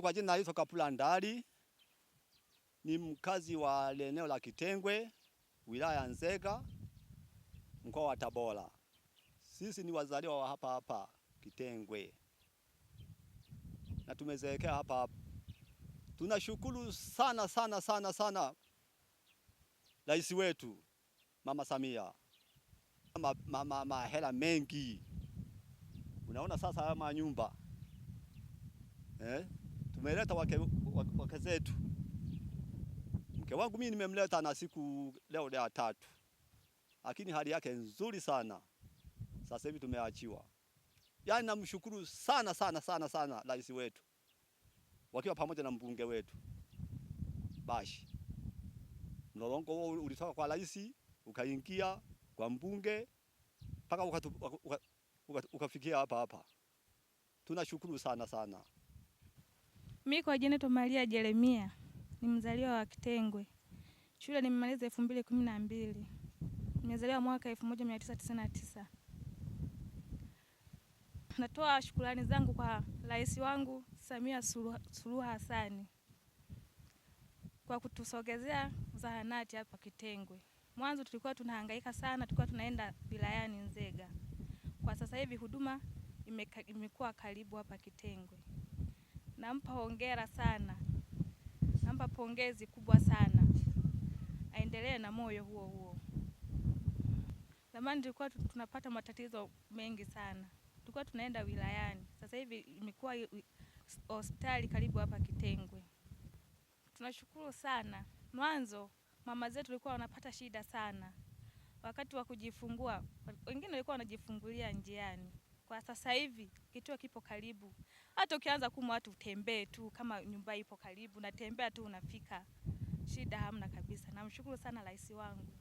Mimi kwa jina naitwa Kapula Ndali, ni mkazi wa eneo la Kitengwe, wilaya ya Nzega, mkoa wa Tabora. Sisi ni wazaliwa wa hapa hapa Kitengwe na tumezeekea hapa hapa. Tunashukuru sana sana sana sana rais wetu Mama Samia, mahela ma, ma, ma, mengi unaona sasa haya manyumba eh? tumeleta wake, wake zetu. Mke wangu mimi nimemleta na siku leo ya tatu, lakini hali yake nzuri sana. Sasa hivi tumeachiwa, yaani namshukuru sana sana sana sana rais wetu wakiwa pamoja na mbunge wetu Bashi. Mlolongo huo ulitoka kwa rais ukaingia kwa mbunge mpaka ukafikia hapa hapa. Tunashukuru sana sana. Mimi kwa Janet Maria Jeremia ni mzaliwa wa Kitengwe. Shule nimemaliza elfu mbili kumi na mbili. Nimezaliwa mwaka 1999. Natoa shukrani zangu kwa rais wangu Samia Suluhu Hassan kwa kutusogezea zahanati hapa Kitengwe. Mwanzo tulikuwa tunahangaika sana, tulikuwa tunaenda wilayani Nzega. Kwa sasa hivi huduma imekuwa karibu hapa Kitengwe nampa hongera sana, nampa pongezi kubwa sana, aendelee na moyo huo huo. Zamani tulikuwa tunapata matatizo mengi sana, tulikuwa tunaenda wilayani. Sasa hivi imekuwa hospitali karibu hapa Kitengwe. Tunashukuru sana. Mwanzo mama zetu walikuwa wanapata shida sana wakati wa kujifungua, wengine walikuwa wanajifungulia njiani. Kwa sasa hivi kituo kipo karibu, hata ukianza kumwa watu utembee tu, kama nyumba ipo karibu, natembea tu unafika, shida hamna kabisa. Namshukuru sana rais wangu.